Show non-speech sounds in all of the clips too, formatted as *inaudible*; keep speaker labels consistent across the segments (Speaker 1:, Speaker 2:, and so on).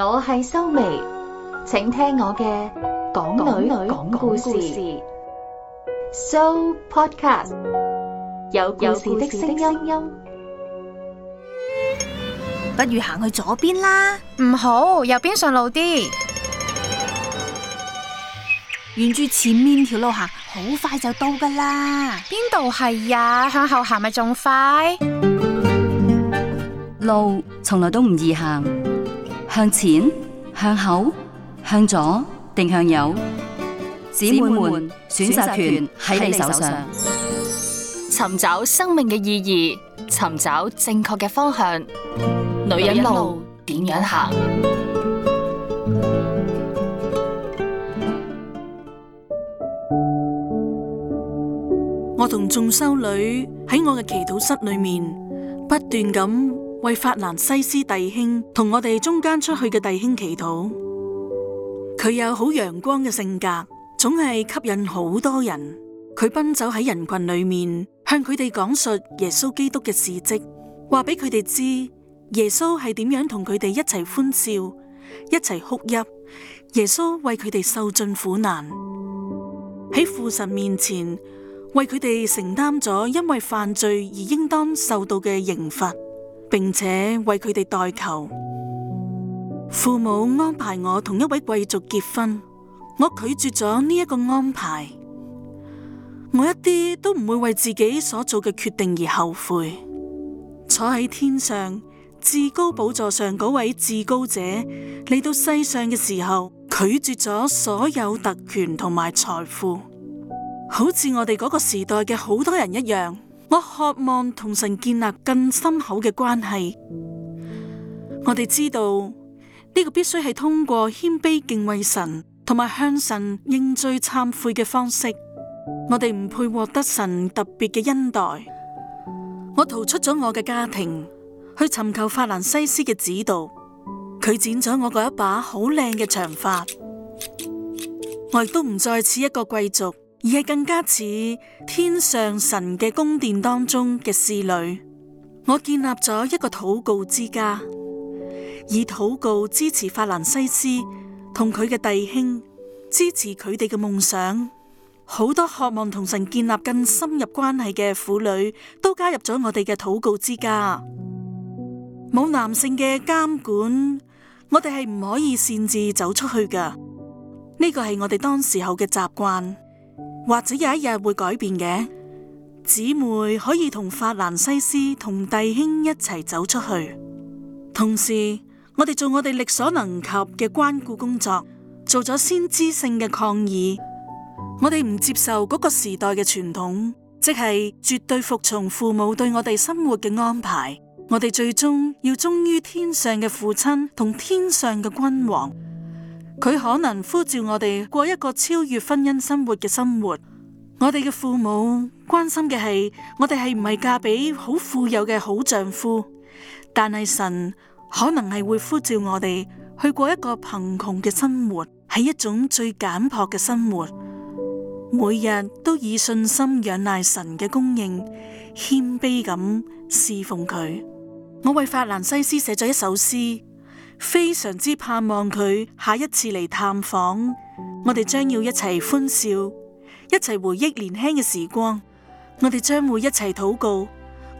Speaker 1: 我係修眉，請聽我嘅港女女講故事,講故事，So Podcast 有故事的聲音，不如行去左邊啦。唔好，右邊順路啲，
Speaker 2: 沿住前面條路行，好快就到㗎喇。邊度係呀？向後行咪仲快？路從來都唔易行。
Speaker 1: 向前，向後，向左定向右，姊妹們選擇權喺你手上。尋找生命嘅意義，尋找正確嘅方向，女人一路點
Speaker 2: 樣行？我同眾修女喺我嘅祈禱室裏面，不斷咁。為法蘭西斯弟兄同我哋中間出去嘅弟兄祈禱。佢有好陽光嘅性格，總係吸引好多人。佢奔走喺人群裏面，向佢哋講述耶穌基督嘅事跡，話俾佢哋知耶穌係點樣同佢哋一齊歡笑，一齊哭泣。耶穌為佢哋受盡苦難，喺父神面前為佢哋承擔咗因為犯罪而應當受到嘅刑罰。並且為佢哋代求。父母安排我同一位貴族結婚，我拒絕咗呢一個安排。我一啲都唔會為自己所做嘅決定而後悔。坐喺天上至高寶座上嗰位至高者嚟到世上嘅時候，拒絕咗所有特權同埋財富，好似我哋嗰個時代嘅好多人一樣。我渴望同神建立更深厚嘅關係。我哋知道呢個必須係通過謙卑敬畏神，同埋向神認罪懺悔嘅方式。我哋唔配獲得神特別嘅恩待。我逃出咗我嘅家庭，去尋求法蘭西斯嘅指導。佢剪咗我嗰一把好靚嘅長髮，我亦都唔再似一個貴族。而係更加似天上神嘅宮殿當中嘅侍女，我建立咗一個禱告之家，以禱告支持法蘭西斯同佢嘅弟兄，支持佢哋嘅夢想。好多渴望同神建立更深入關係嘅婦女都加入咗我哋嘅禱告之家。冇男性嘅監管，我哋係唔可以擅自走出去噶。呢、這個係我哋當時候嘅習慣。或者有一日會改變嘅，姊妹可以同法蘭西斯同弟兄一齊走出去。同時，我哋做我哋力所能及嘅關顧工作，做咗先知性嘅抗議。我哋唔接受嗰個時代嘅傳統，即係絕對服從父母對我哋生活嘅安排。我哋最終要忠於天上嘅父親同天上嘅君王。佢可能呼召我哋過一個超越婚姻生活嘅生活。我哋嘅父母關心嘅係我哋係唔係嫁俾好富有嘅好丈夫，但係神可能係會呼召我哋去過一個貧窮嘅生活，係一種最簡樸嘅生活。每日都以信心仰賴神嘅供應，謙卑咁侍奉佢。我為法蘭西斯寫咗一首詩。非常之盼望佢下一次嚟探訪，我哋將要一齊歡笑，一齊回憶年輕嘅時光，我哋將會一齊禱告，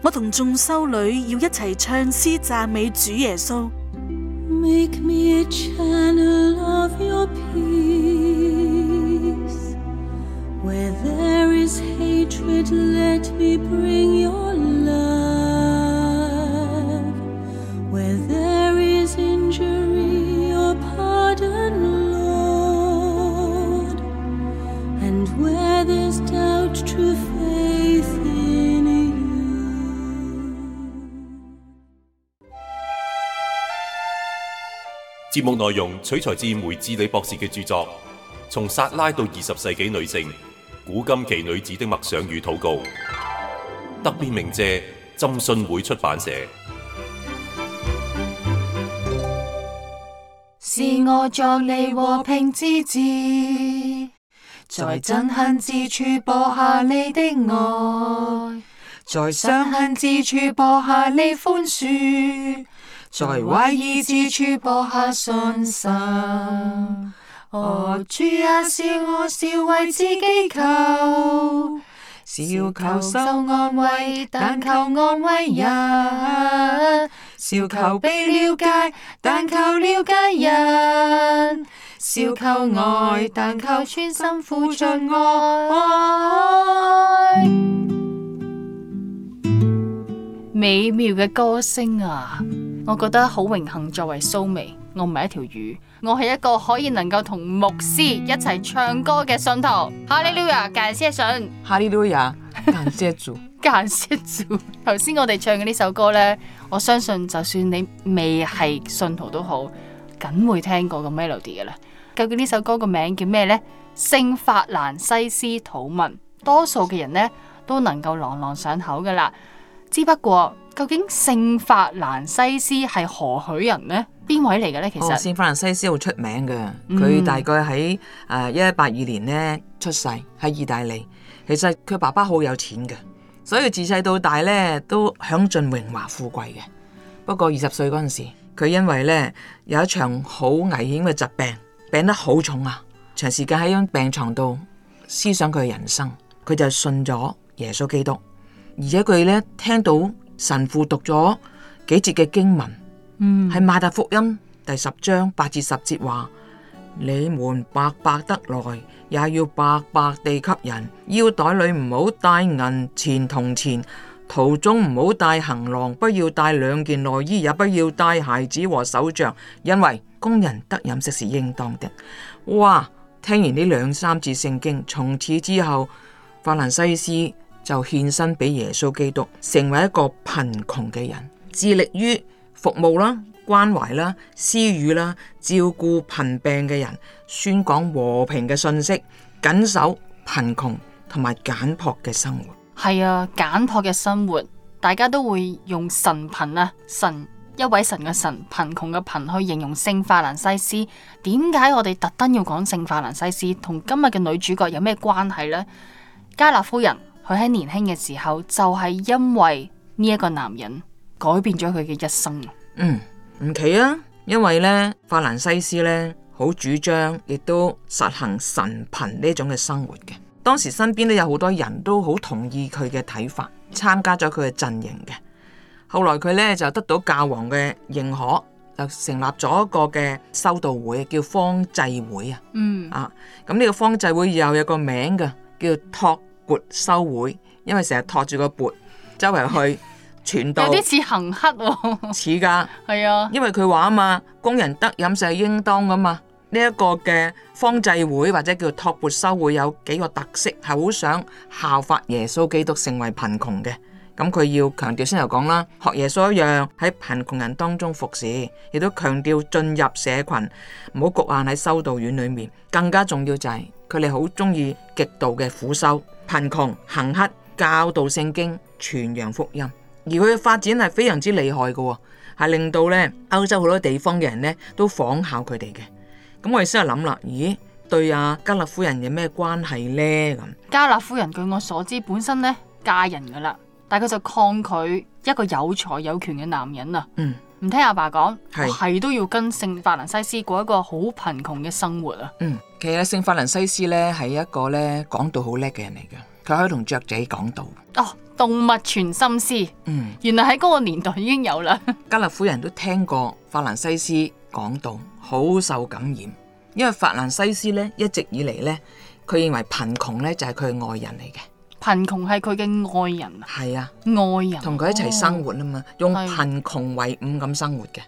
Speaker 2: 我同眾修女要一齊唱詩讚美主耶穌。Make me a channel of your peace. Where there is hatred, let me bring your love.
Speaker 1: 節目內容取材自梅智理博士嘅著作《從撒拉到二十世紀女性：古今奇女子的默想與禱告》名，特別
Speaker 3: 鳴謝真信會出版社。
Speaker 1: 是我作你和平之子。在憎恨之處播下你的愛，
Speaker 3: 在傷
Speaker 1: 痕之處播下你寬恕，在懷疑之處播下信心。我主啊，使我，
Speaker 3: 少為自己求，少求受安慰，但求安慰人；少求被了解，
Speaker 1: 但求了解人。笑靠愛，但靠穿心苦盡愛。美妙嘅歌聲啊，我覺得好榮幸。作為蘇眉，我唔係一條魚，我係一個可以能夠同牧師一齊唱歌嘅信徒。哈利路亞，感謝神！哈利路亞，感謝主，感謝主。頭先我哋唱嘅呢首歌咧，我相信就算你未係信徒都好，梗會聽過個 melody 嘅啦。究竟呢首歌個名叫咩呢？聖法蘭西斯禱文，多數嘅人呢，都能夠朗朗上口噶啦。之不過究竟聖法蘭西斯係何許人呢？邊
Speaker 3: 位嚟嘅呢？其實、哦、聖法蘭西斯好出名嘅，嗯、佢大概喺誒一一八二年呢出世喺意大利。其實佢爸爸好有錢嘅，所以佢自細到大呢都享盡榮華富貴嘅。不過二十歲嗰陣時，佢因為呢有一場好危險嘅疾病。病得好重啊！長時間喺張病床度思想佢嘅人生，佢就信咗耶穌基督，而且佢呢聽到神父讀咗幾節嘅經文，嗯，
Speaker 2: 係馬
Speaker 3: 太福音第十章八至十節話：你們白白得來，也要白白地給人，腰袋裏唔好帶銀錢銅錢。途中唔好帶行囊，不要帶兩件內衣，也不要帶鞋子和手杖，因為工人得飲食是應當的。哇！聽完呢兩三字聖經，從此之後，法蘭西斯就獻身俾耶穌基督，成為一個貧窮嘅人，致力於服務啦、關懷啦、施予啦、照顧貧病嘅人，宣講和平嘅信息，緊守貧窮同埋簡樸嘅生活。
Speaker 1: 係啊，簡樸嘅生活，大家都會用神貧啊，神一位神嘅神，貧窮嘅貧去形容聖法蘭西斯。點解我哋特登要講聖法蘭西斯同今日嘅女主角有咩關係呢？加納夫人佢喺年輕嘅時候就係、是、因為呢一個男人改變咗佢嘅一生。嗯，
Speaker 3: 唔奇啊，因為呢，法蘭西斯呢，好主張，亦都實行神貧呢種嘅生活嘅。當時身邊咧有好多人都好同意佢嘅睇法，參加咗佢嘅陣營嘅。後來佢咧就得到教皇嘅認可，就成立咗一個嘅修道會，叫方濟會、嗯、啊。嗯。啊，咁呢個方濟會又有一個名㗎，叫托缽修會，因為成日托住個缽周圍去傳 *laughs* 道。有啲似行乞喎、哦。似㗎的。係 *laughs* 啊。因為佢話啊嘛，工人得飲食係應當㗎嘛。呢一個嘅方濟會或者叫托缽修會有幾個特色，係好想效法耶穌基督，成為貧窮嘅。咁佢要強調先嚟講啦，學耶穌一樣喺貧窮人當中服侍，亦都強調進入社群，唔好局限喺修道院裏面。更加重要就係佢哋好鍾意極度嘅苦修、貧窮、行乞、教導聖經、傳揚福音，而佢嘅發展係非常之厲害嘅，係令到呢歐洲好多地方嘅人呢都仿效佢哋嘅。咁我哋先係諗啦，咦，對阿、啊、加勒夫人有咩關係呢？咁
Speaker 1: 加勒夫人據我所知，本身咧嫁人噶啦，但係佢就抗拒一個有才有權嘅男人啊。嗯，唔聽阿爸講，係都是要跟聖法蘭西斯過一個好貧窮嘅生活啊。嗯，
Speaker 3: 其實聖法蘭西斯咧係一個咧講道好叻嘅人嚟嘅，佢可以同雀仔講道
Speaker 1: 哦，動物傳心
Speaker 3: 思。嗯，原來喺嗰個年代已經有啦。加勒夫人都聽過法蘭西斯、斯。講到好受感染，因為法蘭西斯咧一直以嚟咧，佢認為貧窮咧就係、是、佢愛人嚟嘅，
Speaker 1: 貧窮係佢嘅愛人啊，
Speaker 3: 係啊人，愛人同佢一齊生活啊嘛，哦、用貧窮為伍咁生活嘅，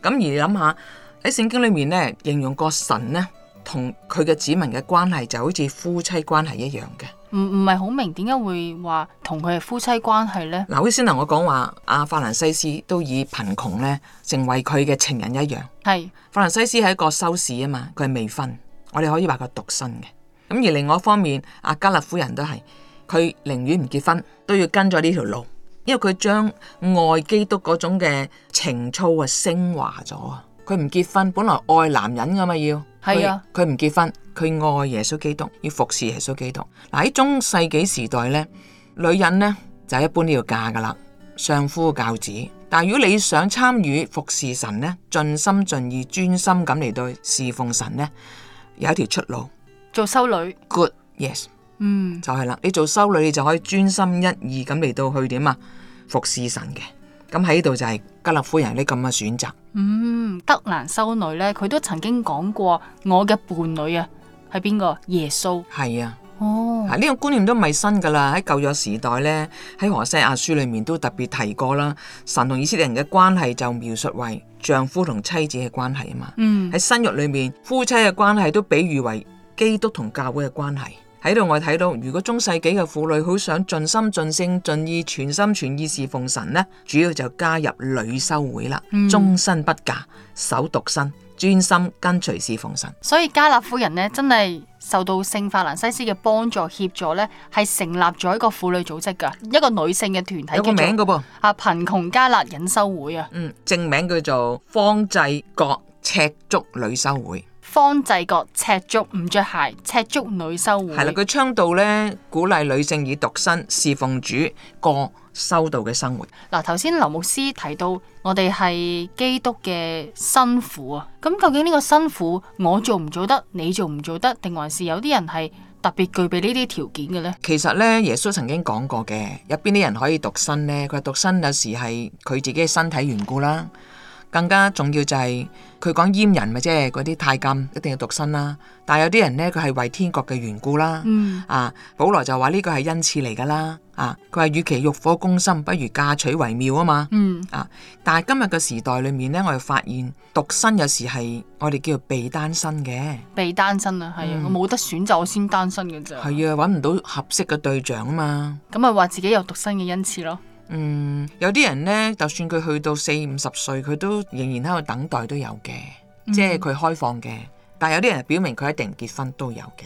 Speaker 3: 咁的而你諗下喺聖經裏面咧，形容個神咧同佢嘅子民嘅關係就好似夫妻關係一樣嘅。
Speaker 1: 唔唔係好明點解會話同佢係夫妻關係呢？
Speaker 3: 嗱，好似先頭我講話阿法蘭西斯都以貧窮咧成為佢嘅情人一樣，係是法蘭西斯係一個修士啊嘛，佢係未婚，我哋可以話佢獨身嘅。咁而另外一方面，阿加勒夫人都係佢寧願唔結婚都要跟咗呢條路，因為佢將愛基督嗰種嘅情操啊升華咗。佢唔結婚，本來愛男人噶嘛要，係啊，佢唔結婚，佢愛耶穌基督，要服侍耶穌基督。嗱，喺中世紀時代呢，女人呢就一般都要嫁噶啦，相夫教子。但係如果你想參與服侍神呢，盡心盡意、專心咁嚟對侍奉神呢，有一條出路，做修女。Good，Yes，嗯，就係啦，你做修女你就可以專心一意咁嚟到去點啊，服侍神嘅。咁喺呢度就係格拉夫人呢咁嘅選擇。嗯，
Speaker 1: 德蘭修女呢，佢都曾經講過，我嘅伴侶啊，係邊個？耶穌？
Speaker 3: 係啊，哦，呢個觀念都唔係新噶啦，喺舊約時代呢，喺何西阿書裏面都特別提過啦。神同以色列人嘅關係就描述為丈夫同妻子嘅關係啊嘛。嗯，喺新約裏面夫妻嘅關係都比喻為基督同教會嘅關係。喺度我睇到，如果中世紀嘅婦女好想盡心盡性盡意全心全意侍奉神呢，主要就加入女修會啦，終身，嗯，不嫁，守獨身，專心跟隨侍奉神。
Speaker 1: 所以加勒夫人呢，真係受到聖法蘭西斯嘅幫助協助呢，係成立咗一個婦女組織噶，一個女性嘅團體。有個名嘅噃，啊，貧窮加勒隱修會啊。嗯，
Speaker 3: 正名叫做方濟各赤足女修會。
Speaker 1: 方濟各赤足唔着鞋，赤足女修會係啦，佢
Speaker 3: 倡導咧鼓勵女性以獨身侍奉主，過修道嘅生活。
Speaker 1: 嗱，頭先劉牧師提到我哋係基督嘅辛苦啊，咁究竟呢個辛苦我做唔做得，你做唔做得，定還是有啲人係
Speaker 3: 特別具備呢啲條件嘅咧？其實咧，耶穌曾經講過嘅，入邊啲人可以獨身咧，佢係獨身有時係佢自己嘅身體緣故啦。更加重要就係佢講閹人咪即係嗰啲太監一定要獨身啦，但係有啲人咧佢係為天國嘅緣故啦、嗯啊、保啦，啊，保羅就話呢個係恩賜嚟噶啦，啊，佢話與其欲火攻心，不如嫁娶為妙啊嘛，嗯、啊，但係今日嘅時代裏面咧，我哋發現獨身有時係我哋叫做被單身嘅，
Speaker 1: 被單身啊，係啊，嗯、我冇
Speaker 3: 得選擇，我先單身嘅咋，係啊，搵唔到合適嘅對象啊嘛，
Speaker 1: 咁咪話自己有獨身嘅恩賜咯。
Speaker 3: 嗯，有啲人咧，就算佢去到四五十歲，佢都仍然喺度等待都有嘅，嗯、即係佢開放嘅。但係有啲人表明佢一定結婚都有嘅。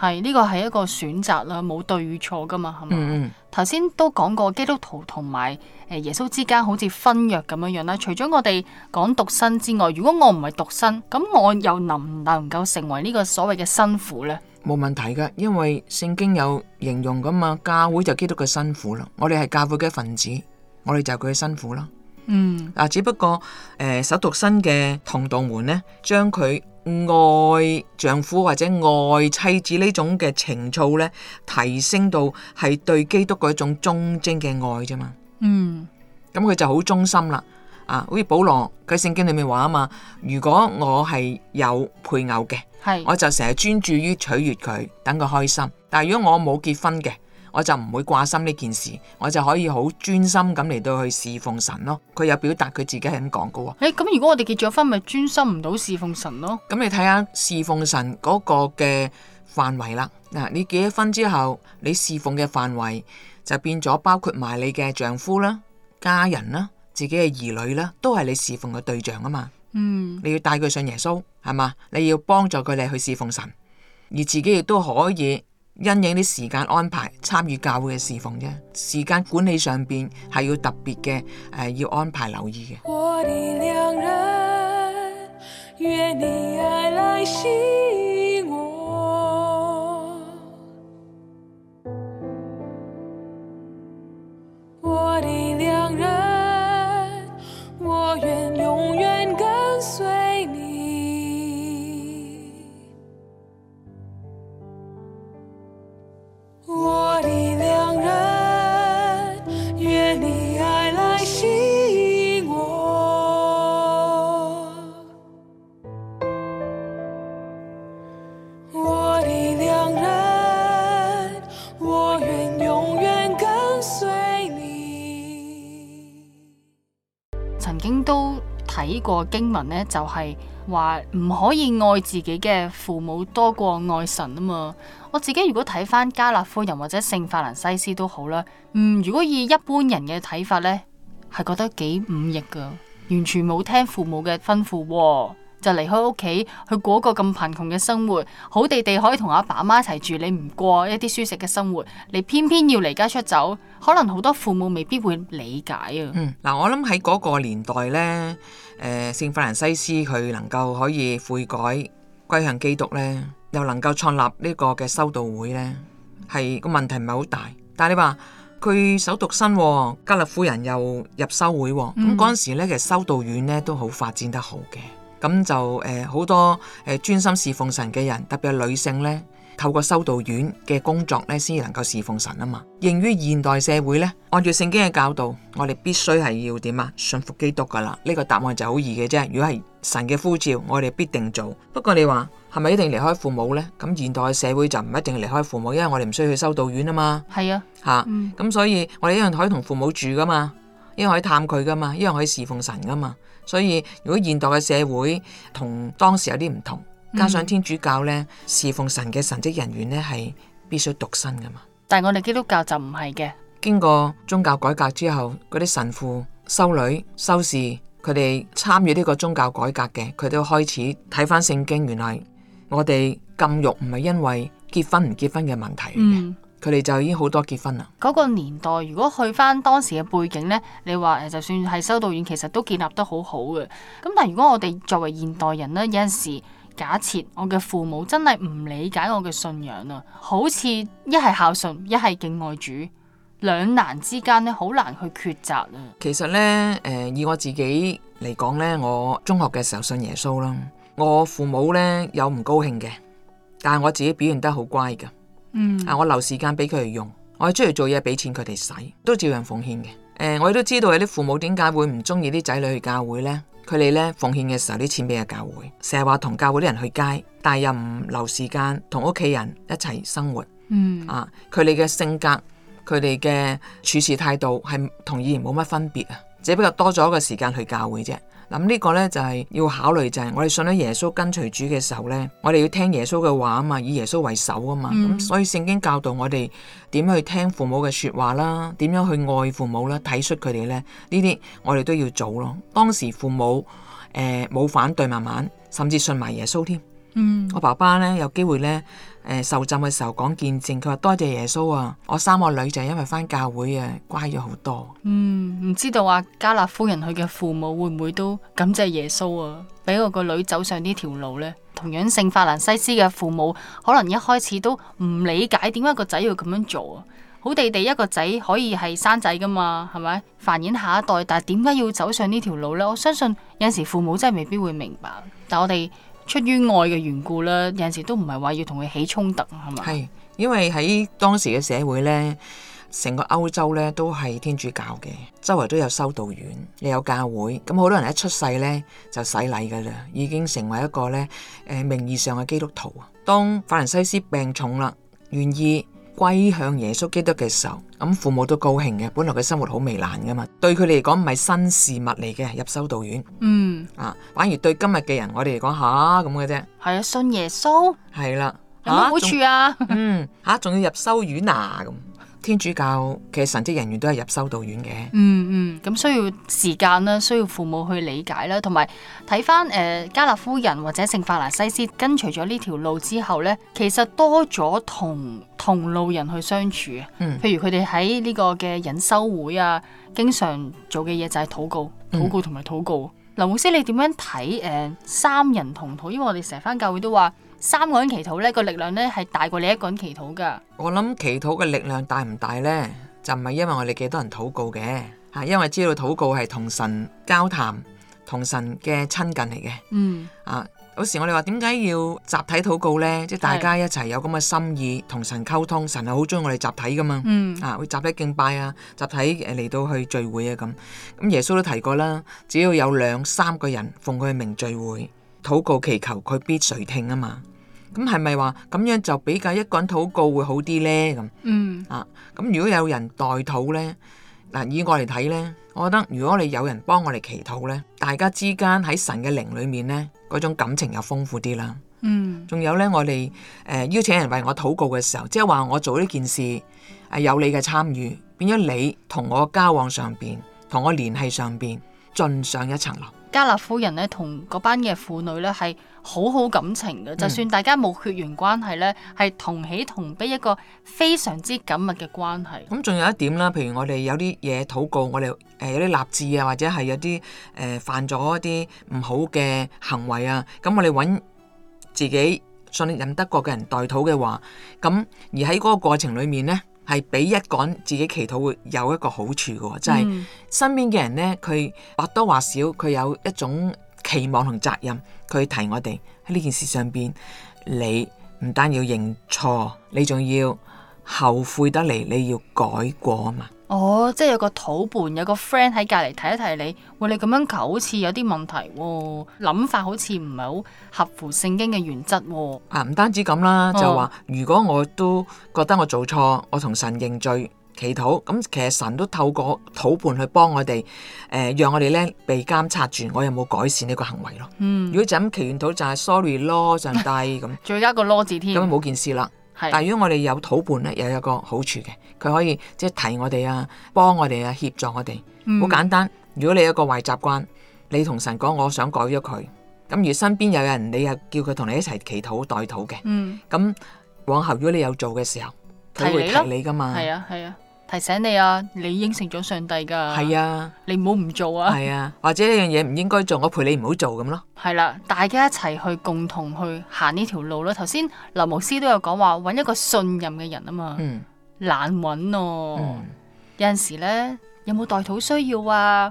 Speaker 1: 係，呢個係一個選擇啦，冇對與錯噶嘛，係嘛。頭先、嗯、都講過基督徒同埋誒耶穌之間好似婚約咁樣樣啦。除咗我哋講獨身之外，如果我唔係獨身，咁我又能唔能夠成為呢個所謂嘅新婦呢？
Speaker 3: 冇問題嘅，因為聖經有形容噶嘛，教會就基督嘅信徒啦，我哋係教會嘅分子，我哋就佢嘅信徒啦。嗯，嗱，只不過誒，守、呃、獨身嘅同道們咧，將佢愛丈夫或者愛妻子呢種嘅情操咧，提升到係對基督嘅一種忠貞嘅愛啫嘛。嗯，咁佢、嗯、就好忠心啦。啊，好似保羅佢聖經裏面話啊嘛，如果我係有配偶嘅，係是我就成日專注於取悦佢，等佢開心。但係如果我冇結婚嘅，我就唔會掛心呢件事，我就可以好專心咁嚟到去侍奉神咯。佢有表達佢自己係咁講噶。誒，
Speaker 1: 咁如果我哋結咗婚，咪專心唔到侍奉神咯？
Speaker 3: 咁你睇下侍奉神嗰個嘅範圍啦。嗱、啊，你結咗婚之後，你侍奉嘅範圍就變咗包括埋你嘅丈夫啦、家人啦。自己嘅兒女啦，都係你侍奉嘅對象啊嘛，嗯你，你要帶佢上耶穌，係嘛，你要幫助佢哋去侍奉神，而自己亦都可以因應啲時間安排參與教會嘅侍奉啫。時間管理上邊係要特別嘅，誒、呃、要安排留意嘅。 *music* *music*
Speaker 1: 經都睇過經文呢，就係話唔可以愛自己嘅父母多過愛神啊嘛！我自己如果睇翻加勒夫人或者聖法蘭西斯都好啦，嗯，如果以一般人嘅睇法呢，係覺得幾忤逆噶，完全冇聽父母嘅吩咐喎。就離開屋企去過嗰個咁貧窮嘅生活，好地地可以同阿爸阿媽一齊住。你唔過一啲舒適嘅生活，你偏偏要離家出走，可能好多父母未必會
Speaker 3: 理解啊。嗱、嗯呃，我諗喺嗰個年代咧，誒、呃、聖法蘭西斯佢能夠可以悔改歸向基督咧，又能夠創立呢個嘅修道會咧，係個問題唔係好大。但係你話佢首讀新、哦、加勒夫人又入修會咁嗰陣時咧，其實修道院咧都好發展得好嘅。嗯咁就誒，好、呃、多誒專、呃、心侍奉神嘅人，特別係女性咧，透過修道院嘅工作咧，先能夠侍奉神啊嘛。應於現代社會咧，按照聖經嘅教導，我哋必須係要點啊？信服基督噶啦，呢、這個答案就好易嘅啫。如果係神嘅呼召，我哋必定做。不過你話係咪一定離開父母咧？咁現代社會就唔一定離開父母，因為我哋唔需要去修道院啊嘛。係啊，吓、啊，咁、嗯、所以我哋一樣可以同父母住噶嘛，一樣可以探佢噶嘛，一樣可，可以侍奉神噶嘛。所以如果現代嘅社會同當時有啲唔同，
Speaker 1: 加上天
Speaker 3: 主教咧侍奉神嘅神職人員咧係必須獨身㗎嘛。
Speaker 1: 但係我哋基督教就唔係嘅。
Speaker 3: 經過宗教改革之後，嗰啲神父、修女、修士，佢哋參與呢個宗教改革嘅，佢都開始睇返聖經。原來我哋禁欲唔係因為結婚唔結婚嘅問題嚟嘅。佢哋就已經好多結婚啦。
Speaker 1: 嗰個年代，如果去返當時嘅背景呢，你話就算係修道院，其實都建立得好好嘅。咁但係如果我哋作為現代人呢，有陣時假設我嘅父母真係唔理解我嘅信仰啊，好似一係孝順，一係敬愛主，兩難之間呢，好難去抉
Speaker 3: 擇啊。其實呢，誒、呃、以我自己嚟講呢，我中學嘅時候信耶穌啦，我父母呢有唔高興嘅，但係我自己表現得好乖㗎。嗯，啊，mm. 我留時間俾佢哋用，我哋出嚟做嘢俾錢佢哋使，都照樣奉獻嘅。誒、呃，我亦都知道有啲父母點解會唔中意啲仔女去教會呢？佢哋咧奉獻嘅時候啲錢俾啊教會，成日話同教會啲人去街，但係又唔留時間同屋企人一齊生活。嗯，mm. 啊，佢哋嘅性格，佢哋嘅處事態度係同以前冇乜分別啊，只不過多咗個時間去教會啫。咁呢個咧就係要考慮，就係我哋信咗耶穌跟隨主嘅時候咧，我哋要聽耶穌嘅話啊嘛，以耶穌為首啊嘛，咁、嗯、所以聖經教導我哋點去聽父母嘅說話啦，點樣去愛父母啦，體恤佢哋咧，呢啲我哋都要做咯。當時父母誒冇、呃、反對慢慢，甚至信埋耶穌添。嗯，我爸爸咧有機會咧。誒，受浸嘅時候講見證，佢話多謝耶穌啊！我三個女就係因為返教會啊，乖咗好多。
Speaker 1: 嗯，唔知道啊，加納夫人佢嘅父母會唔會都感謝耶穌啊，俾我個，個女走上呢條路呢？同樣聖法蘭西斯嘅父母，可能一開始都唔理解點解個仔要咁樣做啊。好地地一個仔可以係生仔噶嘛，係咪繁衍下一代？但係點解要走上呢條路呢？我相信有陣時父母真係未必會明白，但我哋。出於愛嘅緣故啦，有陣時都唔係話要同佢起衝突，係嘛？係
Speaker 3: 因為喺當時嘅社會咧，成個歐洲咧都係天主教嘅，周圍都有修道院，又有教會，咁好多人一出世咧就洗禮㗎啦，已經成為一個咧誒名義上嘅基督徒啊。當法蘭西斯病重啦，願意。歸向耶穌基督嘅時候，咁父母都高興嘅。本來嘅生活好糜爛噶嘛，對佢哋嚟講唔係新事物嚟嘅，入修道院，嗯啊，反而對今日嘅人我哋嚟講吓咁嘅啫。係啊，信耶穌係啦，啊、有冇好處啊？嗯，吓、啊、仲要入修院啊咁。天主教其實神職人員都係入修道院嘅、嗯，
Speaker 1: 嗯嗯，
Speaker 3: 咁需要時間啦，需要父母去理解啦，同埋睇翻誒加
Speaker 1: 勒夫人或者聖法蘭西斯跟隨咗呢條路之後咧，其實多咗同同路人去相處，嗯，譬如佢哋喺呢個嘅隱修會啊，經常做嘅嘢就係禱告、禱告同埋禱告。嗯、林牧師，你點樣睇誒、呃、三人同禱？因為我哋成日翻教會都話。三個人祈禱咧，個力量咧，係大過你一個人祈禱噶。
Speaker 3: 我諗祈禱嘅力量大唔大咧，就唔係因為我哋幾多人禱告嘅吓，因為知道禱告係同神交談，同神嘅親近嚟嘅。嗯啊，有時我哋話點解要集體禱告咧？即係大家一齊有咁嘅心意同神溝通，神係好中意我哋集體噶嘛。嗯啊，會集體敬拜啊，集體誒嚟到去聚會啊咁。咁耶穌都提過啦，只要有兩三個人奉佢名聚會禱告祈求，佢必垂聽啊嘛。咁係咪話咁樣就比較一個人禱告會好啲呢？咁、嗯，啊，咁如果有人代禱呢？嗱以我嚟睇呢，我覺得如果你有人幫我嚟祈禱呢，大家之間喺神嘅靈裏面呢，嗰種感情又豐富啲啦。嗯，仲有呢，我哋誒、呃、邀請人為我禱告嘅時候，即係話我做呢件事係、呃、有你嘅參與，變咗你同我交往上邊，同我聯繫上邊，進上一層樓。
Speaker 1: 加勒夫人呢，同嗰班嘅婦女呢，係。好好感情嘅，就算大家冇血緣關係呢係、嗯、同喜同悲，一個非常之緊密嘅關係。
Speaker 3: 咁仲、嗯、有一點啦，譬如我哋有啲嘢禱告，我哋誒有啲立志啊，或者係有啲誒、呃、犯咗一啲唔好嘅行為啊，咁我哋揾自己信任得過嘅人代禱嘅話，咁而喺嗰個過程裡面呢，係俾一個人自己祈禱會有一個好處㗎喎，就係、是、身邊嘅人呢，佢或多或少佢有一種。期望同責任，佢提我哋喺呢件事上邊，你唔單要認錯，你仲要後悔得嚟，你要改過吖嘛？
Speaker 1: 哦，即係有個土伴，有個 friend 喺隔籬睇一睇你。喂，你咁樣求好似有啲問題、哦，諗法好似唔係好合乎聖經嘅原則、哦、
Speaker 3: 啊！唔單止咁啦，哦、就係話如果我都覺得我做錯，我同神認罪。祈禱咁，其實神都透過土伴去幫我哋，誒，讓我哋咧被監察住，我有冇改善呢個行為咯？嗯，如果就咁祈禱就係 sorry lor 上帝咁，再加個囉字添，咁冇件事啦。係，但係如果我哋有土伴咧，又有個好處嘅，佢可以即係提我哋啊，幫我哋啊，協助我哋。好簡單，如果你有一個壞習慣，你同神講我想改咗佢，咁如身邊有人，你又叫佢同你一齊祈禱代禱嘅，嗯，咁往後如果你有做嘅時候，佢會提你噶嘛？係啊，係啊。
Speaker 1: 提醒你啊，你應承咗上帝噶，係啊，你唔好唔做啊，係啊，
Speaker 3: 或者呢樣嘢唔應該做，我陪你唔好做咁咯，
Speaker 1: 係啦、啊，大家一齊去共同去行呢條路啦。頭先劉牧師都有講話，搵一個信任嘅人啊嘛，嗯，難搵哦，有陣時咧，有冇代禱需要啊？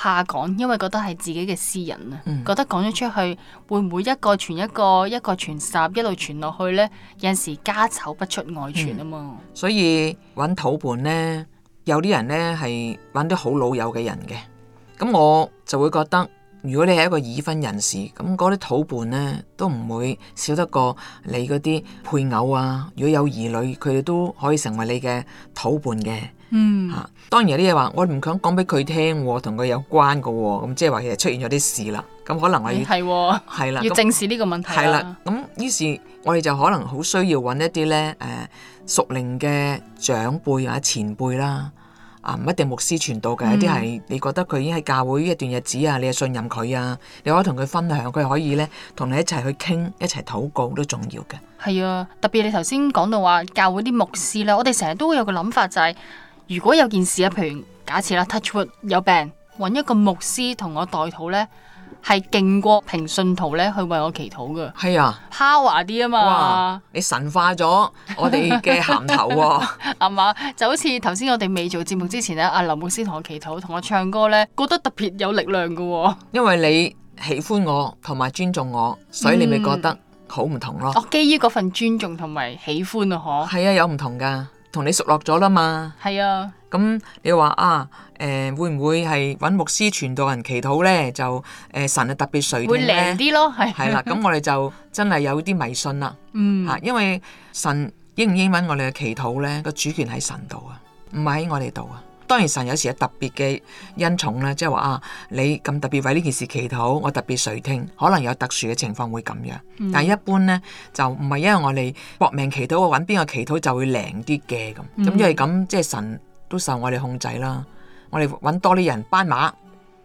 Speaker 1: 怕講，因為覺得係自己嘅私人。啊、嗯，覺得講咗出去會唔會一個傳一個，一個傳十，一路傳落去呢？有陣時家醜不出外傳啊嘛、嗯。
Speaker 3: 所以揾土伴呢，有啲人呢係揾啲好老友嘅人嘅。咁我就會覺得，如果你係一個已婚人士，咁嗰啲土伴呢都唔會少得過你嗰啲配偶啊。如果有兒女，佢哋都可以成為你嘅土伴嘅。嗯吓，當然有啲嘢話，我唔肯講俾佢聽，同佢有關噶咁即係話其實出現咗啲事啦，咁可能我要係係啦，嗯、 *laughs* 的要正視
Speaker 1: 呢個問題係啦。
Speaker 3: 咁於是，是我哋就可能好需要揾一啲咧，誒、呃，熟齡嘅長輩或者前輩啦，啊，唔一定牧師傳道嘅，有啲係你覺得佢已經喺教會一段日子啊，你係信任佢啊，你可以同佢分享，佢可以咧同你一齊去傾，一齊禱告都重要嘅。
Speaker 1: 係啊，特別你頭先講到話教會啲牧師啦，我哋成日都會有個諗法就係、是。如果有件事啊，譬如假設啦，Touchwood 有病，揾一個牧師同我代禱呢，係勁過平信徒呢去為我祈禱嘅。係啊，power 啲啊嘛，你神化咗我哋嘅銜頭喎、哦，係嘛、 *laughs* *laughs* 啊？就好似頭先我哋未做節目之前呢，阿林牧師同我祈禱，同我唱歌呢，覺得特別有力量嘅喎、哦。因
Speaker 3: 為你喜歡我同埋尊重我，所以你咪覺得好唔同咯。哦、嗯，我基於嗰份尊重同埋喜歡啊，嗬。係啊，有唔同㗎。同你熟落咗啦嘛，係啊，咁你話啊，誒、呃，會唔會係揾牧師傳道人祈禱咧？就誒、呃，神啊特別垂聽咧，會靈啲
Speaker 1: 咯，係係啦，咁我哋
Speaker 3: 就真係有啲迷信啦，嗯，吓，因為神應唔應允我哋嘅祈禱咧，個主權喺神度啊，唔係喺我哋度啊。當然神有時有特別嘅恩寵咧，即係話啊，你咁特別為呢件事祈禱，我特別垂聽，可能有特殊嘅情況會咁樣。但係一般咧，就唔係因為我哋搏命祈禱，我揾邊個祈禱就會靈啲嘅咁。咁因為咁即係神都受我哋控制啦，我哋揾多啲人班馬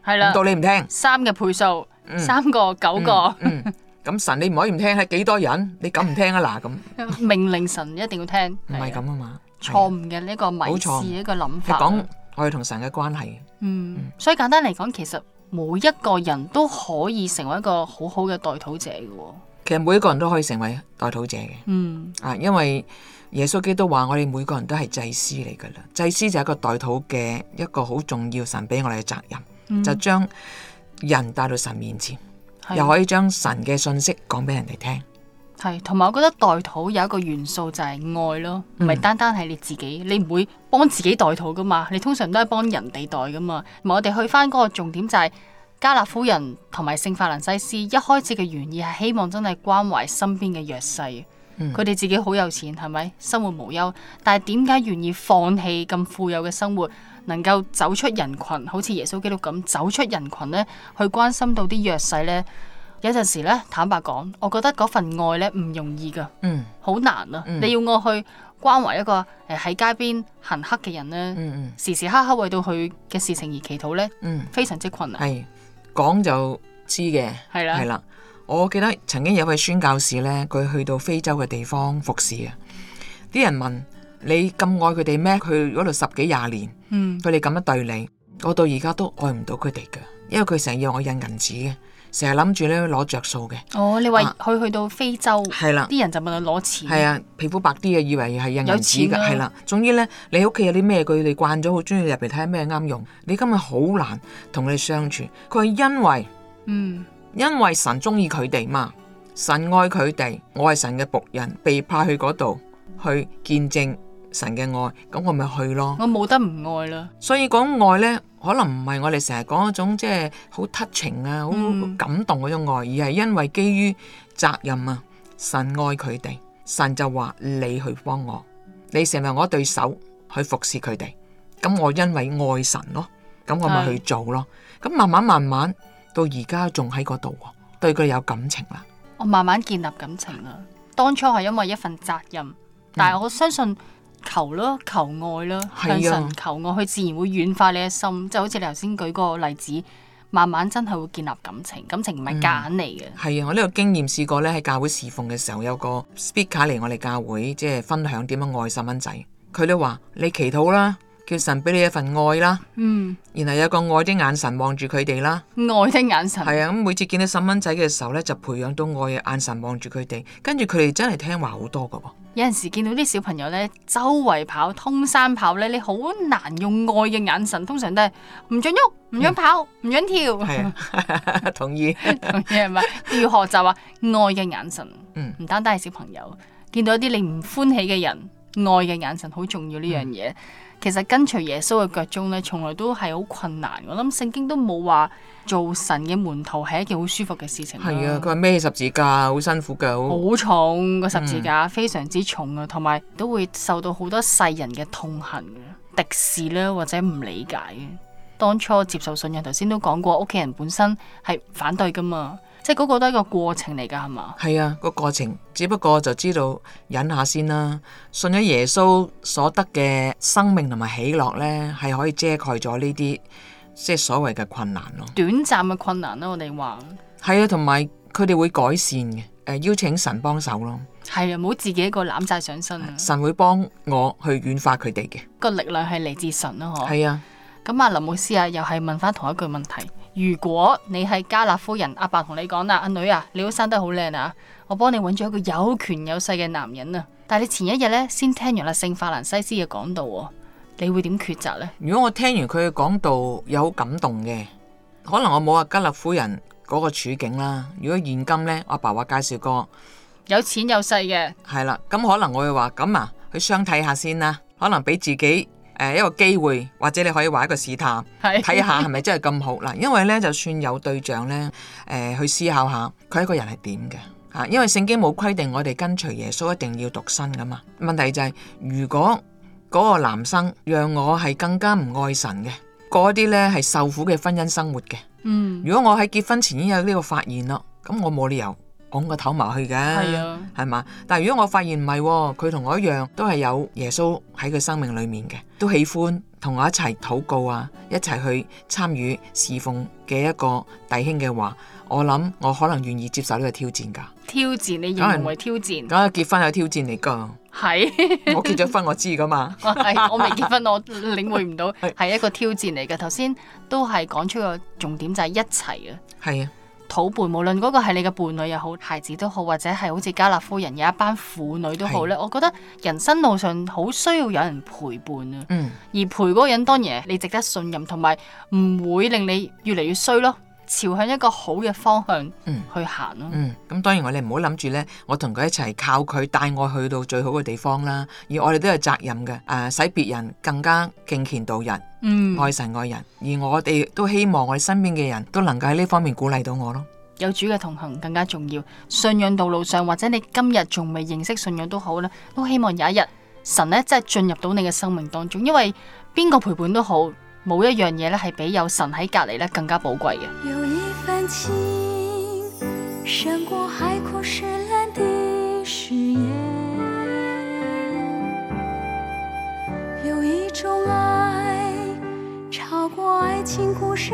Speaker 1: 係啦，到你唔聽
Speaker 3: 三個倍數，三個九個。咁神你唔可以唔聽，係幾多人你敢唔聽啊？嗱，咁命令神一定要聽，唔係咁啊嘛。錯誤
Speaker 1: 嘅呢的個迷思，一個諗法，係講
Speaker 3: 我哋同神嘅關係。嗯，嗯，
Speaker 1: 所以簡單嚟講，其實每一個人都可以成為一個好好嘅代禱者嘅。
Speaker 3: 其實每一個人都可以成為代禱者嘅。
Speaker 1: 嗯，
Speaker 3: 啊，因為耶穌基督話，我哋每個人都係祭司嚟噶啦祭司就係一個代禱嘅一個好重要、神俾我哋嘅責任，嗯、就將人帶到神面前，
Speaker 1: 的又可以
Speaker 3: 將神嘅信息講俾人哋聽。
Speaker 1: 係，同埋我覺得代禱有一個元素就係愛咯，唔係單單係你自己，你唔會幫自己代禱㗎嘛，你通常都係幫人哋代㗎嘛。同埋我哋去返嗰個重點就係、是、加勒夫人同埋聖法蘭西斯一開始嘅原意係希望真係關懷身邊嘅弱勢，佢哋、嗯、自己好有錢，係咪生活無憂？但係點解願意放棄咁富有嘅生活，能夠走出人群，好似耶穌基督咁走出人群呢，去關心到啲弱勢呢？有陣時咧，坦白講，我覺得嗰份愛咧唔容易噶。嗯，好難啊！嗯、你要我去關懷一個誒喺街邊行乞嘅人咧，嗯嗯、時時刻刻為到佢嘅事情而祈禱咧，嗯，非常之困難。係
Speaker 3: 講就知嘅，係啦的，係啦。我記得曾經有位宣教士咧，佢去到非洲嘅地方服侍啊。啲人問，你咁愛佢哋咩？佢嗰度十幾廿年，佢哋咁樣對你，我到而家都愛唔到佢哋噶，因為佢成日要我印銀紙嘅。成日諗住咧攞着數嘅。哦，你話佢去到非洲，係啦，啲人就問佢攞錢。係啊，皮膚白啲嘅以為係印銀紙㗎、啊。係啦，總之咧，你屋企有啲咩佢哋慣咗好中意入嚟睇下咩啱用。你今日好難同佢哋相處。佢係因為，嗯，因為神中意佢哋嘛，神愛佢哋，我係神嘅僕人，被派去嗰度去見證。神嘅愛，咁我咪去咯。
Speaker 1: 我冇得唔愛啦。
Speaker 3: 所以講愛呢，可能唔係我哋成日講嗰種，即係好 touching 啊，好感動嗰種愛，嗯、而係因為基於責任啊。神愛佢哋，神就話你去幫我，你成為我對手去服侍佢哋。咁我因為愛神咯，咁我咪去做咯。咁是慢慢慢慢到而家仲喺嗰度，對佢有感情啦。
Speaker 1: 我慢慢建立感情啦。當初係因為一份責任，但係我相信。求咯，求愛咯，啊、向神求愛，佢自然會軟化你嘅心，就好似你頭先舉個例子，慢慢真係會建立感情，感情唔係揀嚟嘅。係、
Speaker 3: 嗯、啊，我呢個經驗試過咧，喺教會侍奉嘅時候，有個 speaker 嚟我哋教會，即係分享點樣愛細蚊仔，佢都話你祈禱啦。叫神俾你一份愛啦，嗯，然後有個愛的眼神望住佢哋啦，
Speaker 1: 愛的眼神
Speaker 3: 係啊。咁每次見到細蚊仔嘅時候咧，就培養到愛嘅眼神望住佢哋，跟住佢哋真係聽話好多噶。有
Speaker 1: 陣時見到啲小朋友咧，周圍跑、通山跑咧，你好難用愛嘅眼神，通常都係唔准喐、唔准跑、唔准、嗯、跳。係、嗯
Speaker 3: *laughs* 啊，同意 *laughs* 同意係嘛？要學
Speaker 1: 習啊，愛嘅眼神，唔、嗯、單單係小朋友見到一啲你唔歡喜嘅人，愛嘅眼神好重要呢樣嘢。嗯其實跟隨耶穌嘅腳蹤咧，從來都係好困難。我諗聖經都冇話做神嘅門徒係一件好舒服嘅事情。係啊，佢孭
Speaker 3: 十字架，好辛苦噶，好
Speaker 1: 重個十字架，嗯、非常之重啊，同埋都會受到好多世人嘅痛恨、敵視啦，或者唔理解嘅。當初接受信仰，頭先都講過，屋企人本身係反對噶嘛。即係嗰個都係個過程嚟噶，係嘛？
Speaker 3: 係啊，個過程，只不過就知道忍下先啦。信咗耶穌所得嘅生命同埋喜樂咧，係可以遮蓋咗呢啲即係所謂嘅困難咯。
Speaker 1: 短暫嘅困難啦，我哋話。
Speaker 3: 係啊，同埋佢哋會改善嘅。誒，邀請神幫手咯。
Speaker 1: 係啊，唔好自己一個攬晒上身。
Speaker 3: 神會幫我去軟化佢哋嘅。
Speaker 1: 個力量係嚟自神咯啊，嗬。係啊。咁啊，林牧師啊，又係問翻同一句問題。如果你係加勒夫人，阿爸同你講啦，阿女啊，女你都生得好靚啊，我幫你揾咗一個有權有勢嘅男人啊，但係你前一日呢，先聽完阿聖法蘭西斯嘅講道喎，你會點抉擇呢？
Speaker 3: 如果我聽完佢嘅講道，有感動嘅，可能我冇阿加勒夫人嗰個處境啦。如果現今呢，阿爸話介紹過有錢有勢嘅，係啦，咁可能我會話，咁啊，去相睇下先啦，可能俾自己。誒，一個機會或者你可以話一個試探，睇下係咪真係咁好嗱？因為呢，就算有對象呢，呃、去思考下佢一個人係點嘅吓，因為聖經冇規定我哋跟隨耶穌一定要獨身㗎嘛。問題就係、是、如果嗰個男生讓我係更加唔愛神嘅，嗰啲呢係受苦嘅婚姻生活嘅。嗯，如果我喺結婚前已經有呢個發現咯，咁我冇理由。講個頭埋去嘅，係啊，係嘛？但係如果我發現唔係，哦，佢同我一樣都係有耶穌喺佢生命裏面嘅，都喜歡同我一齊禱告啊，一齊去參與侍奉嘅一個弟兄嘅話，我諗我可能願意接受呢個挑戰噶。
Speaker 1: 挑戰，你認唔認為挑戰？
Speaker 3: 梗係結婚係挑戰嚟噶。
Speaker 1: 係是 *laughs* 我結咗
Speaker 3: 婚，我知噶嘛。我
Speaker 1: *laughs* 係我未結婚，我領會唔到，係一個挑戰嚟噶。頭先都係講出個重點就係，是，一齊啊。係啊。好伴，無論嗰個係你嘅伴侶又好，孩子都好，或者係好似加勒夫人有一班婦女都好咧，是我覺得人生路上好需要有人陪伴啊。嗯、而陪嗰個人當然你值得信任，同埋唔會令你越嚟越衰咯。朝向一個好嘅方向去行咯、啊嗯。嗯，
Speaker 3: 咁當然我哋唔好諗住呢。我同佢一齊靠佢帶我去到最好嘅地方啦。而我哋都有責任嘅，誒、呃、使別人更加敬虔導人，
Speaker 1: 嗯、愛神
Speaker 3: 愛人。而我哋都希望我哋身邊嘅人都能夠喺呢方面鼓勵到我咯。
Speaker 1: 有主嘅同行更加重要。信仰道路上，或者你今日仲未認識信仰都好啦，都希望有一日神呢真係進入到你嘅生命當中。因為邊個陪伴都好，冇一樣嘢咧係比有神喺隔籬咧更加寶貴嘅。
Speaker 2: 有一份情勝過海枯石爛的誓言。有一種愛超過愛情故事。